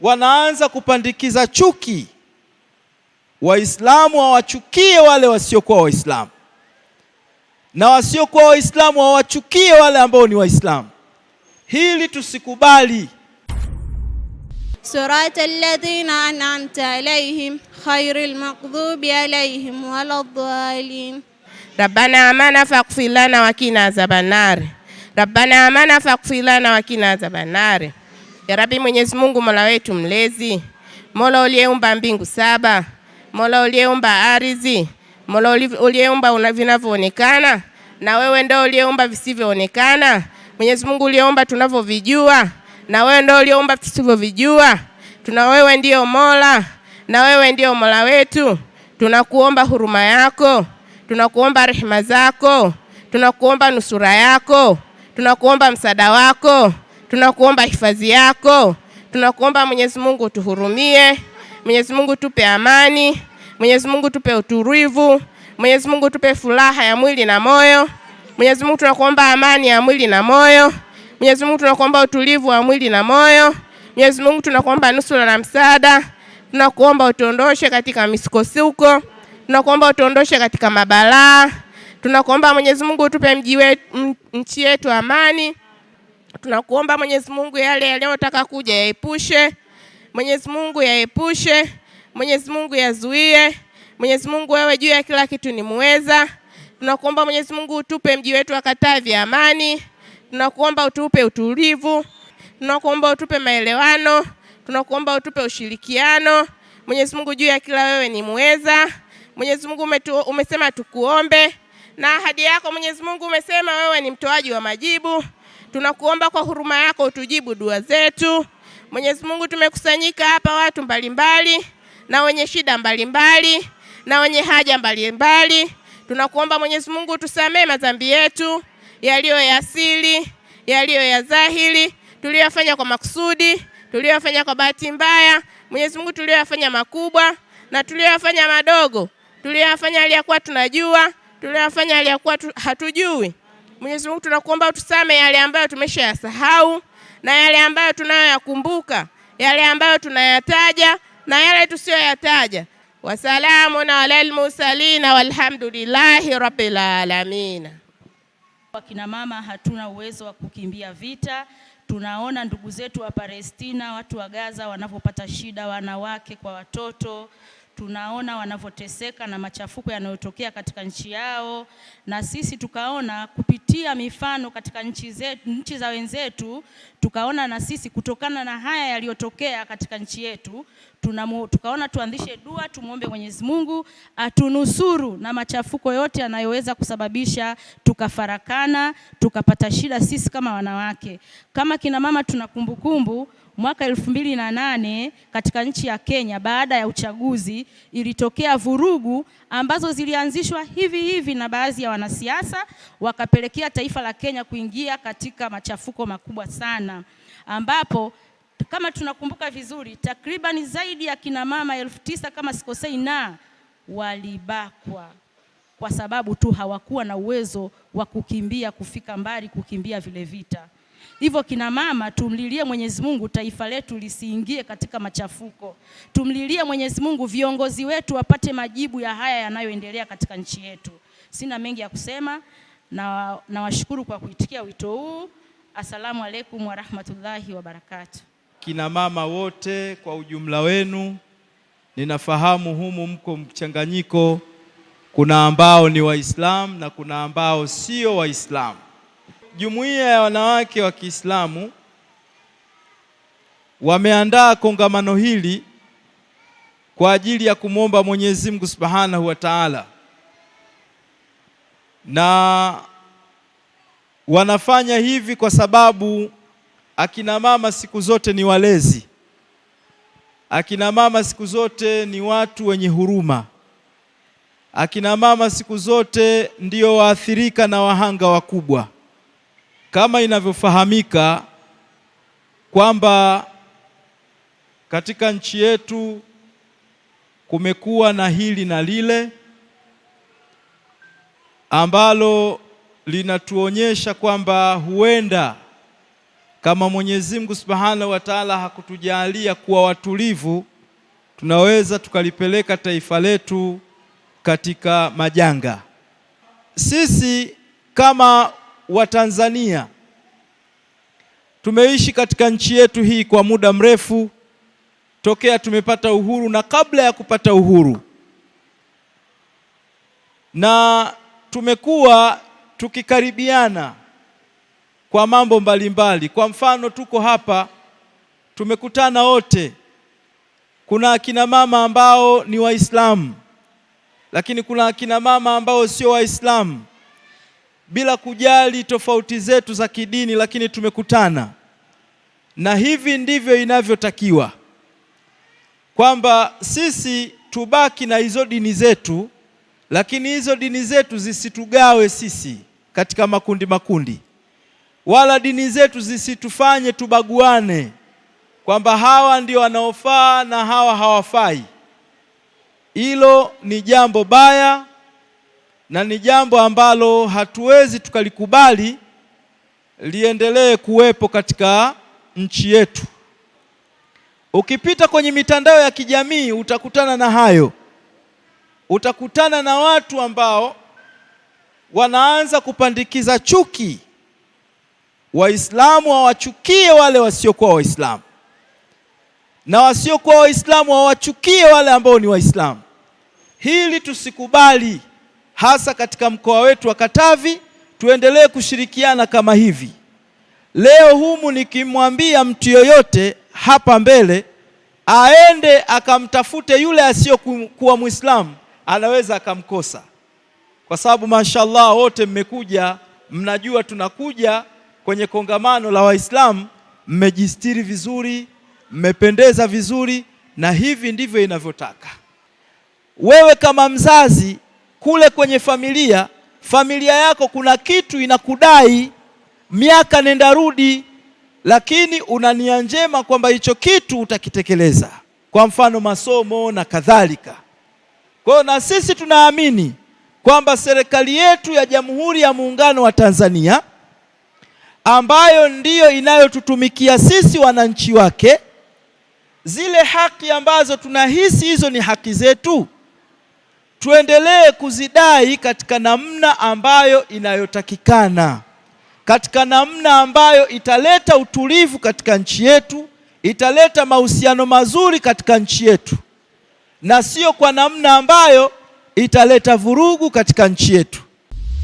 wanaanza kupandikiza chuki. Waislamu hawachukie wale wasiokuwa Waislamu na wasiokuwa Waislamu hawachukie wale ambao ni Waislamu. Hili tusikubali. Surat alladhina an'amta alayhim khairil maghdubi alayhim waladdallin rabbana amana faghfir lana wakina azabannar rabbana amana faghfir lana wakina azabannar ya Rabbi Mwenyezi Mungu, Mola wetu mlezi, Mola uliyeumba mbingu saba, Mola uliyeumba ardhi, Mola uliyeumba vinavyoonekana na wewe ndio uliyeumba visivyoonekana. Mwenyezi Mungu uliyeumba tunavyovijua na wewe ndio uliyeumba tusivyovijua. Tuna wewe ndiyo Mola na wewe ndio Mola wetu. Tunakuomba huruma yako, tunakuomba rehema zako, tunakuomba nusura yako, tunakuomba msaada wako Tunakuomba hifadhi yako, tunakuomba Mwenyezi Mungu utuhurumie, Mwenyezi Mungu tupe amani, Mwenyezi Mungu tupe utulivu, Mwenyezi Mungu tupe furaha ya mwili na moyo. Mwenyezi Mungu tunakuomba amani ya mwili na moyo. Mwenyezi Mungu tunakuomba utulivu wa mwili na moyo. Mwenyezi Mungu tunakuomba nusura na msaada. Tunakuomba utuondoshe katika misukosuko. Tunakuomba utuondoshe katika mabalaa. Tunakuomba Mwenyezi Mungu utupe mji wetu, nchi yetu amani. Tunakuomba Mwenyezi Mungu yale yaliyotaka kuja yaepushe, Mwenyezi Mungu yaepushe, Mwenyezi Mungu yazuie. Mwenyezi Mungu wewe juu ya kila kitu ni muweza. Tunakuomba Mwenyezi Mungu utupe mji wetu wa Katavi amani, tunakuomba utupe utulivu, tunakuomba utupe maelewano, tunakuomba utupe ushirikiano. Mwenyezi Mungu juu ya kila wewe ni muweza. Mwenyezi Mungu umesema tukuombe, na ahadi yako Mwenyezi Mungu umesema wewe ni mtoaji wa majibu. Tunakuomba kwa huruma yako utujibu dua zetu. Mwenyezi Mungu, tumekusanyika hapa watu mbalimbali mbali, na wenye shida mbalimbali mbali, na wenye haja mbalimbali mbali. Tunakuomba Mwenyezi Mungu tusamee madhambi yetu yaliyo ya asili, yaliyo ya dhahiri, tuliyofanya kwa makusudi, tuliyofanya kwa bahati mbaya. Mwenyezi Mungu, tuliyofanya makubwa na tuliyofanya madogo, tuliyofanya aliyakuwa tunajua, tuliyofanya aliyakuwa hatujui. Mwenyezi Mungu tunakuomba utusame yale ambayo tumeshayasahau na yale ambayo tunayoyakumbuka, yale ambayo tunayataja na yale tusiyoyataja. Wasalamun alal mursalina walhamdulillahi rabbil alamin. Wakina mama hatuna uwezo wa kukimbia vita. Tunaona ndugu zetu wa Palestina, watu wa Gaza wanavyopata shida, wanawake kwa watoto tunaona wanavyoteseka na machafuko yanayotokea katika nchi yao, na sisi tukaona kupitia mifano katika nchi zetu, nchi za wenzetu, tukaona na sisi kutokana na haya yaliyotokea katika nchi yetu tunamu, tukaona tuanzishe dua, tumwombe Mwenyezi Mungu atunusuru na machafuko yote yanayoweza kusababisha tukafarakana, tukapata shida sisi kama wanawake. Kama kina mama tuna kumbukumbu mwaka elfu mbili na nane katika nchi ya Kenya baada ya uchaguzi ilitokea vurugu ambazo zilianzishwa hivi hivi na baadhi ya wanasiasa wakapelekea taifa la Kenya kuingia katika machafuko makubwa sana ambapo kama tunakumbuka vizuri takriban zaidi ya kina mama elfu tisa kama sikosei, na walibakwa kwa sababu tu hawakuwa na uwezo wa kukimbia kufika mbali kukimbia vile vita. Hivyo kina mama, tumlilie Mwenyezi Mungu taifa letu lisiingie katika machafuko. Tumlilie Mwenyezi Mungu viongozi wetu wapate majibu ya haya yanayoendelea katika nchi yetu. Sina mengi ya kusema na nawashukuru kwa kuitikia wito huu. Asalamu alaykum warahmatullahi barakatuh. Kina mama wote kwa ujumla wenu, ninafahamu humu mko mchanganyiko, kuna ambao ni Waislamu na kuna ambao sio Waislamu jumuiya ya wanawake wa Kiislamu wameandaa kongamano hili kwa ajili ya kumwomba Mwenyezi Mungu Subhanahu wa Ta'ala, na wanafanya hivi kwa sababu akina mama siku zote ni walezi, akina mama siku zote ni watu wenye huruma, akina mama siku zote ndio waathirika na wahanga wakubwa. Kama inavyofahamika kwamba katika nchi yetu kumekuwa na hili na lile ambalo linatuonyesha kwamba huenda kama Mwenyezi Mungu Subhanahu wa Ta'ala hakutujalia kuwa watulivu, tunaweza tukalipeleka taifa letu katika majanga. Sisi kama tanzania tumeishi katika nchi yetu hii kwa muda mrefu tokea tumepata uhuru na kabla ya kupata uhuru, na tumekuwa tukikaribiana kwa mambo mbalimbali mbali. Kwa mfano tuko hapa tumekutana wote, kuna akina mama ambao ni Waislamu, lakini kuna akina mama ambao sio Waislamu bila kujali tofauti zetu za kidini, lakini tumekutana na hivi ndivyo inavyotakiwa kwamba sisi tubaki na hizo dini zetu, lakini hizo dini zetu zisitugawe sisi katika makundi makundi, wala dini zetu zisitufanye tubaguane kwamba hawa ndio wanaofaa na hawa hawafai. Hilo ni jambo baya na ni jambo ambalo hatuwezi tukalikubali liendelee kuwepo katika nchi yetu. Ukipita kwenye mitandao ya kijamii utakutana na hayo, utakutana na watu ambao wanaanza kupandikiza chuki. Waislamu hawachukie wale wasiokuwa Waislamu na wasiokuwa Waislamu hawachukie wale ambao ni Waislamu. Hili tusikubali hasa katika mkoa wetu wa Katavi, tuendelee kushirikiana kama hivi. Leo humu nikimwambia mtu yoyote hapa mbele aende akamtafute yule asiyokuwa Muislamu, anaweza akamkosa, kwa sababu mashallah wote mmekuja, mnajua tunakuja kwenye kongamano la Waislamu, mmejistiri vizuri, mmependeza vizuri, na hivi ndivyo inavyotaka. Wewe kama mzazi kule kwenye familia, familia yako kuna kitu inakudai miaka nenda rudi, lakini una nia njema kwamba hicho kitu utakitekeleza, kwa mfano masomo na kadhalika. Kwa hiyo na sisi tunaamini kwamba serikali yetu ya Jamhuri ya Muungano wa Tanzania ambayo ndiyo inayotutumikia sisi wananchi wake, zile haki ambazo tunahisi hizo ni haki zetu tuendelee kuzidai katika namna ambayo inayotakikana, katika namna ambayo italeta utulivu katika nchi yetu, italeta mahusiano mazuri katika nchi yetu, na sio kwa namna ambayo italeta vurugu katika nchi yetu.